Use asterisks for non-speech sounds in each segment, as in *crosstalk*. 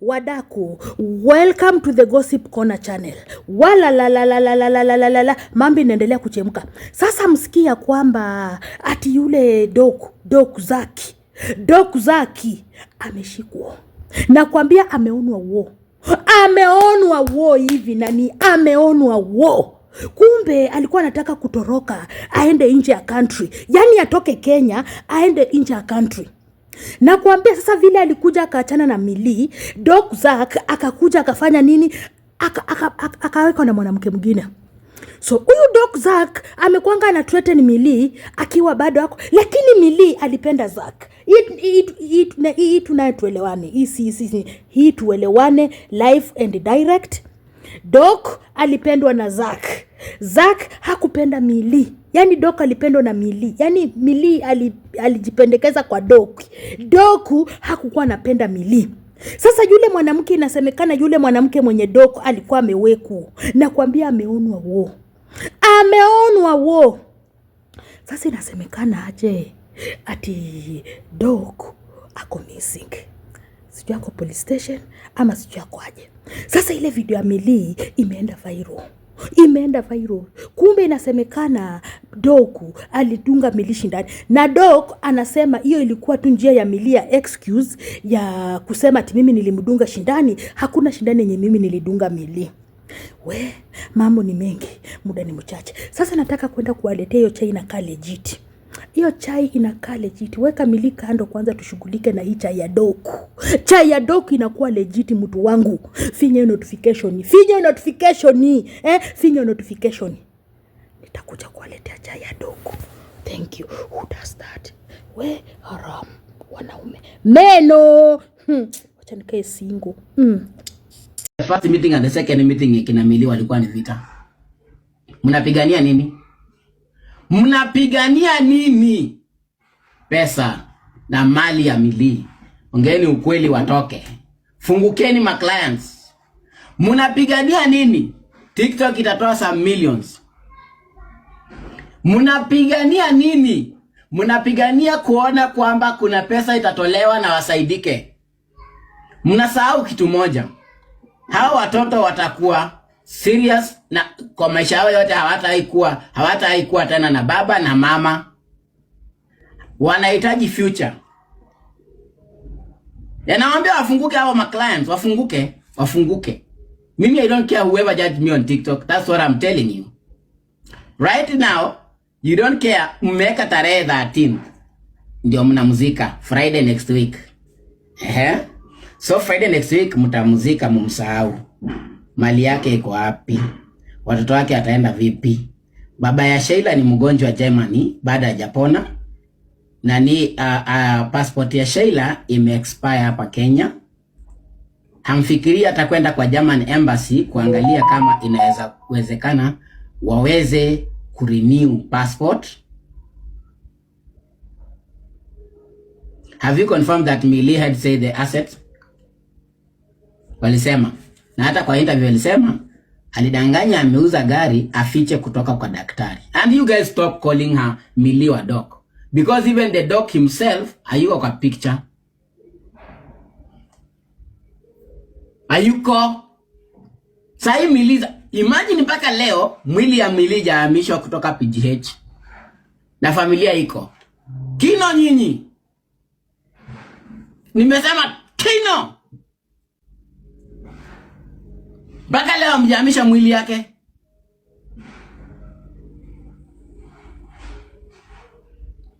Wadaku, welcome to the Gossip Corner channel. Wala la la la la la la la la la, mambo inaendelea kuchemka sasa. Msikia kwamba ati yule doku doku zaki doku zaki ameshikwa, nakwambia ameonwa wo, ameonwa wo hivi nani, ameonwa wo Kumbe alikuwa anataka kutoroka aende nje ya country, yaani atoke Kenya aende nje ya country na kuambia sasa, vile alikuja akaachana na Milii, Doc Zack akakuja akafanya nini, akawekwa aka, aka na mwanamke mwingine. So huyu Doc Zack amekwanga na threaten Milii akiwa bado ako, lakini mili alipenda Zack. Hii tunaye hii tuelewane live and direct. Doc alipendwa na Zack, Zack hakupenda Milii Yaani Doku alipendwa na Milii, yaani Milii alijipendekeza kwa Doku. Doku hakukuwa anapenda Milii. Sasa yule mwanamke inasemekana, yule mwanamke mwenye Doku alikuwa ameweku na kuambia ameonwa wo, ameonwa wo. Sasa inasemekana aje ati Doku ako missing, sijui ako police station ama sijui ako aje. Sasa ile video ya Milii imeenda viral imeenda viral. Kumbe inasemekana Doku alidunga milishi shindani, na Doku anasema hiyo ilikuwa tu njia ya milia ya excuse ya kusema ati mimi nilimdunga shindani. Hakuna shindani yenye mimi nilidunga mili We, mambo ni mengi, muda ni mchache. Sasa nataka kwenda kuwaletea hiyo chai na kalejiti hiyo chai inakaa legit. Weka mili kando kwanza, tushughulike na hii chai ya doku. Chai ya doku inakuwa legit, mtu wangu. Finya notification, finya notification eh, finya notification. Nitakuja kuwaletea chai ya doku. Thank you. Who does that? We haram wanaume meno. Hmm. Acha nikae single. Hmm. The first meeting and the second meeting ikinamiliwa, alikuwa ni vita. Mnapigania nini? Mnapigania nini? Pesa na mali ya milii. Ongeeni ukweli watoke. Fungukeni ma clients. Mnapigania nini? TikTok itatoa some millions. Mnapigania nini? Mnapigania kuona kwamba kuna pesa itatolewa na wasaidike. Mnasahau kitu moja. Hao watoto watakuwa serious na kwa maisha yao yote hawataikuwa hawataikuwa tena na baba na mama. Wanahitaji future. Yanawaambia wafunguke hao ma clients, wafunguke, wafunguke. Mimi I don't care whoever judge me on TikTok. That's what I'm telling you. Right now, you don't care mmeweka tarehe 13. Ndio mnamuzika Friday next week. Ehe. So Friday next week mtamuzika mumsahau mali yake iko wapi, watoto wake ataenda vipi. Baba ya Sheila ni mgonjwa Germany, baada hajapona ni Uh, uh, passport ya Sheila imeexpire hapa Kenya. Hamfikiria atakwenda kwa German embassy kuangalia kama inaweza kuwezekana waweze kurenew passport. Have you confirmed that Mili had said the asset? Walisema well, na hata kwa interview alisema alidanganya ameuza gari afiche kutoka kwa daktari. And you guys stop calling her Miliwa Doc because even the doc himself hayuko kwa picture, hayuko sahi Miliza. Imagine mpaka leo mwili ya Milija ahamishwa kutoka PGH na familia iko Kino. Nyinyi nimesema Kino. mpaka leo amjahamisha mwili yake.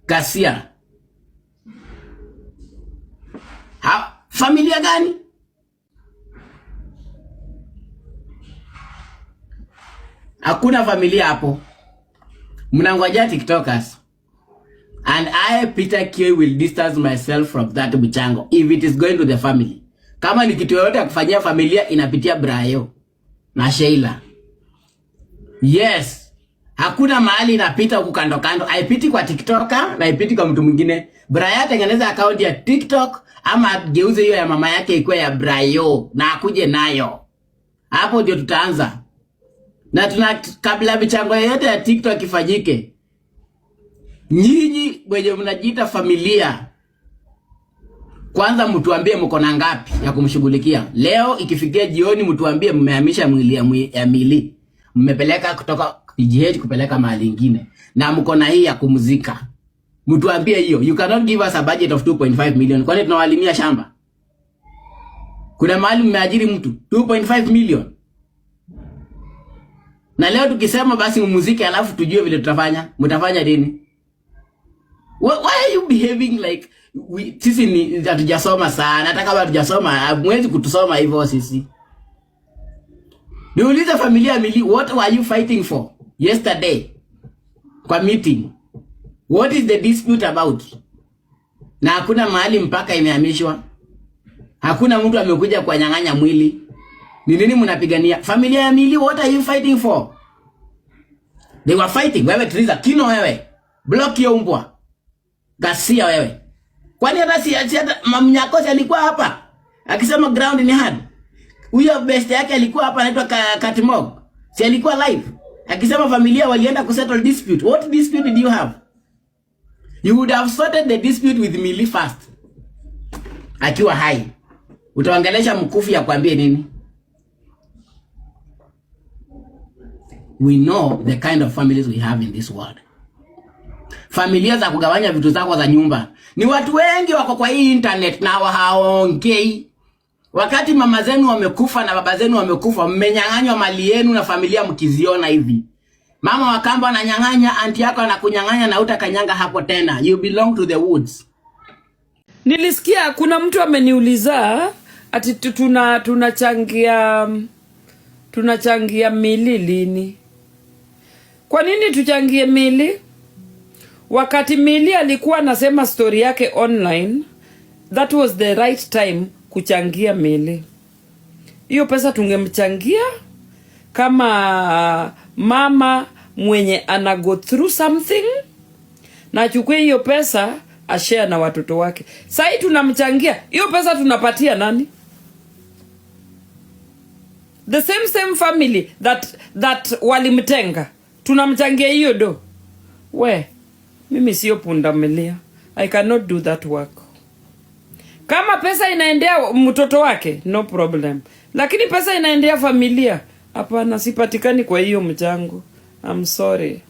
Kasia ha, familia gani? Hakuna familia hapo. Mnangoja TikTokers. And I Peter K will distance myself from that mchango if it is going to the family. Kama ni kitu yoyote ya kufanyia familia inapitia Brayo na Sheila. Yes, hakuna mahali inapita huku kando kando, haipiti kwa TikToker na haipiti kwa mtu mwingine. Braya atengeneza akaunti ya TikTok ama geuze hiyo ya mama yake ikuwe ya Brayo na akuje nayo, hapo ndio tutaanza na tuna kabla michango yote ya TikTok ifanyike, nyinyi wenye mnajiita familia kwanza mtuambie mko na ngapi ya kumshughulikia leo. Ikifikia jioni, mtuambie mmehamisha mwili ya mili, mmepeleka kutoka PGH kupeleka mahali ingine, na mko na hii ya kumzika, mtuambie hiyo. You cannot give us a budget of 2.5 million, kwani tunawalimia shamba? Kuna mahali mmeajiri mtu 2.5 million, na leo tukisema basi mumuzike, alafu tujue vile tutafanya, mtafanya nini? Why are you behaving like sisi ni hatujasoma sana, hata kama hatujasoma mwezi kutusoma hivyo sisi. Niulize familia mili, what were you fighting for yesterday kwa meeting? What is the dispute about? Na hakuna mahali mpaka imehamishwa, hakuna mtu amekuja kwa nyang'anya mwili. Ni nini mnapigania? Familia ya mili, what are you fighting for? They were fighting. Wewe tuliza kino, wewe block hiyo mbwa Gasia, wewe Kwani hata si hata Mnyakosi alikuwa hapa akisema ground ni hard. Huyo best yake alikuwa hapa anaitwa Katimog. Si alikuwa live akisema familia walienda ku settle dispute. What dispute did you have? You would have sorted the dispute with Milly first. Akiwa hai. Utaongelesha mkufi ya kwambie nini? We know the kind of families we have in this world familia za kugawanya vitu zako za nyumba. Ni watu wengi wako kwa hii internet na hawaongei. Wakati mama zenu wamekufa na baba zenu wamekufa, mmenyang'anywa mali yenu na familia mkiziona hivi. Mama wa kambo ananyang'anya, anti yako anakunyang'anya na utakanyanga hapo tena. You belong to the woods. Nilisikia kuna mtu ameniuliza ati tuna tunachangia tunachangia mili lini? Kwa nini tuchangie mili? Wakati mili alikuwa anasema stori yake online, that was the right time kuchangia mili hiyo pesa. Tungemchangia kama uh, mama mwenye ana go through something, na achukue hiyo pesa ashare na watoto wake. Sahii tunamchangia hiyo pesa, tunapatia nani? The same same family that that walimtenga, tunamchangia hiyo do we mimi sio pundamilia, I cannot do that work. Kama pesa inaendea mtoto wake no problem, lakini pesa inaendea familia, hapana, sipatikani kwa hiyo mchango. I'm sorry.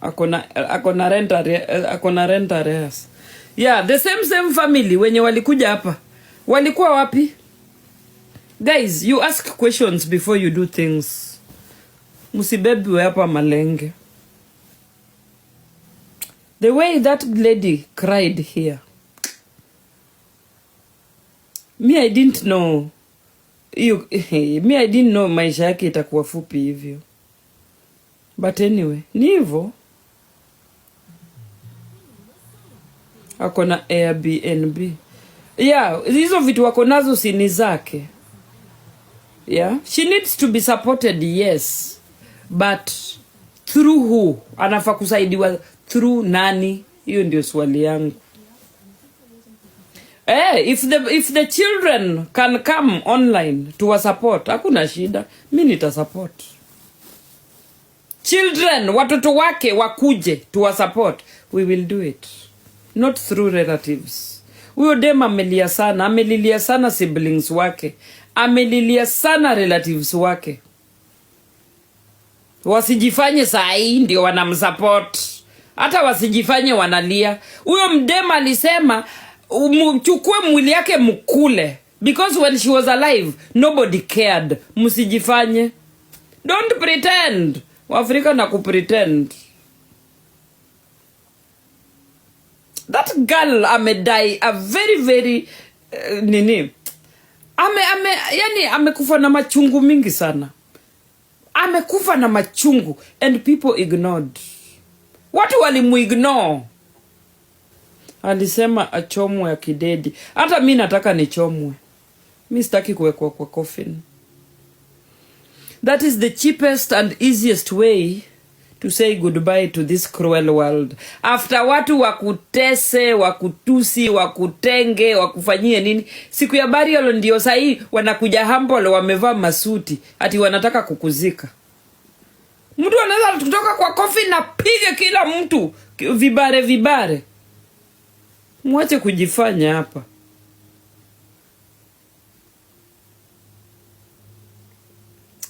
Akona renta akona renta reas. Yeah, the same same family wenye walikuja hapa walikuwa wapi? Guys, you ask questions before you do things. Msibebiwe hapa malenge. The way that lady cried here. Me I didn't know. You, *laughs* me I didn't know maisha yake itakuwa fupi hivyo. But anyway, ni hivyo. Ako na Airbnb. Yeah, hizo vitu wako nazo sini zake. Yeah, she needs to be supported, yes. But through who? Anafaa kusaidiwa through nani? Hiyo ndio swali yangu. Hey, eh, if the if the children can come online to a support, hakuna shida, mi nitasupport children, watoto wake wakuje to a support, we will do it, not through relatives. Huyo dem amelia sana, amelilia sana siblings wake, amelilia sana relatives wake, wasijifanye saa hii ndio wanamsupport hata wasijifanye wanalia. Huyo mdema alisema mchukue mwili yake mkule, because when she was alive nobody cared. Msijifanye, don't pretend Waafrika na kupretend. That girl amedai a very very uh, nini ame, ame, yani amekufa na machungu mingi sana, amekufa na machungu and people ignored watu walimuignore. Alisema achomwe akidedi. Hata mi nataka nichomwe, mi sitaki kuwekwa kwa coffin. That is the cheapest and easiest way to say goodbye to this cruel world after watu wakutese wakutusi wakutenge wakufanyie nini. Siku ya burial ndio sahii wanakuja hambol wamevaa masuti ati wanataka kukuzika. Mtu anaweza kutoka kwa kofi na piga kila mtu vibare vibare. Mwache kujifanya hapa.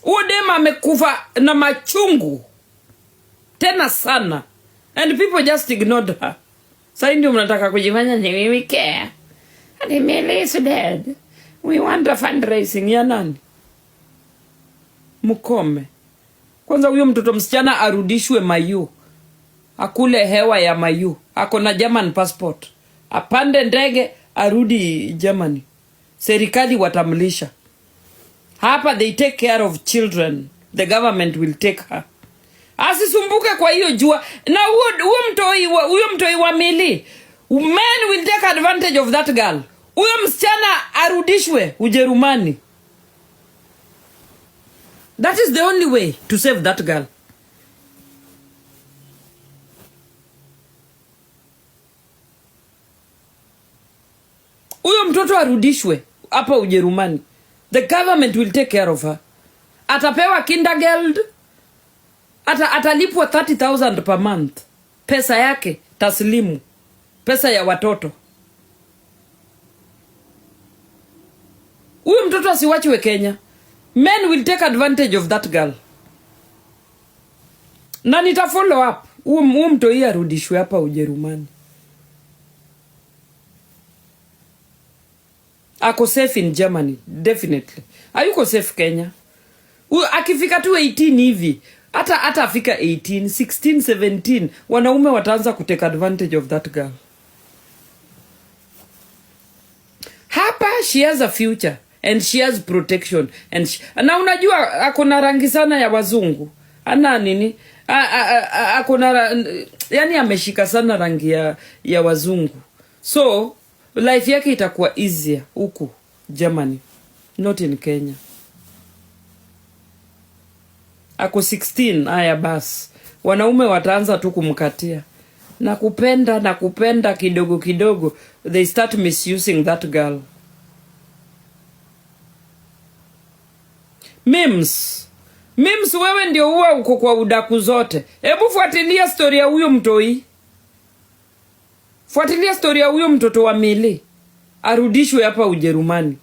Udem amekufa na machungu tena sana, and people just ignored her. Sasa ndio mnataka kujifanya ni mimi care and Milly is dead, we want a fundraising ya nani? Mukome. Kwanza huyo mtoto msichana arudishwe Mayu, akule hewa ya Mayu, ako na German passport, apande ndege arudi Germany. Serikali watamlisha hapa, they take care of children, the government will take her Asisumbuke kwa hiyo jua na huyo mtoi, huyo mtoi wa mili, men will take advantage of that girl. Huyo msichana arudishwe Ujerumani. That is the only way to save that girl. Huyo mtoto arudishwe hapa Ujerumani. The government will take care of her. Atapewa Kindergeld. Ata, atalipwa 30,000 per month. Pesa yake taslimu. Pesa ya watoto. Huyo mtoto asiwachwe Kenya men will take advantage of that girl, na nita follow up huu um, um mtoi arudishwe hapa Ujerumani. Ako safe in Germany definitely, ayuko safe Kenya. U, akifika tu 18 hivi hata hata afika 18 16 17 wanaume wataanza kutake advantage of that girl. Hapa she has a future and she has protection and she... na unajua ako na rangi sana ya wazungu ana nini ako na yani ameshika sana rangi ya, ya wazungu so life yake itakuwa easier huku Germany not in Kenya. Ako 16 haya basi, wanaume wataanza tu kumkatia nakupenda nakupenda kidogo kidogo, they start misusing that girl. Mims. Mims, wewe ndio huwa uko kwa udaku zote. Hebu fuatilia stori ya huyo mtoi, fuatilia stori ya huyo mtoto wa Mili arudishwe hapa Ujerumani.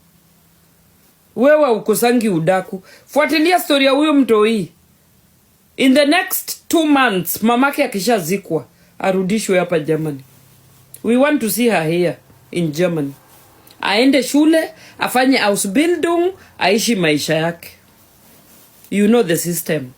Wewe ukosangi udaku, fuatilia stori ya huyo mtoi. In the next two months mamake akishazikwa arudishwe hapa Germany. We want to see her here in Germany, aende shule afanye Ausbildung aishi maisha yake you know the system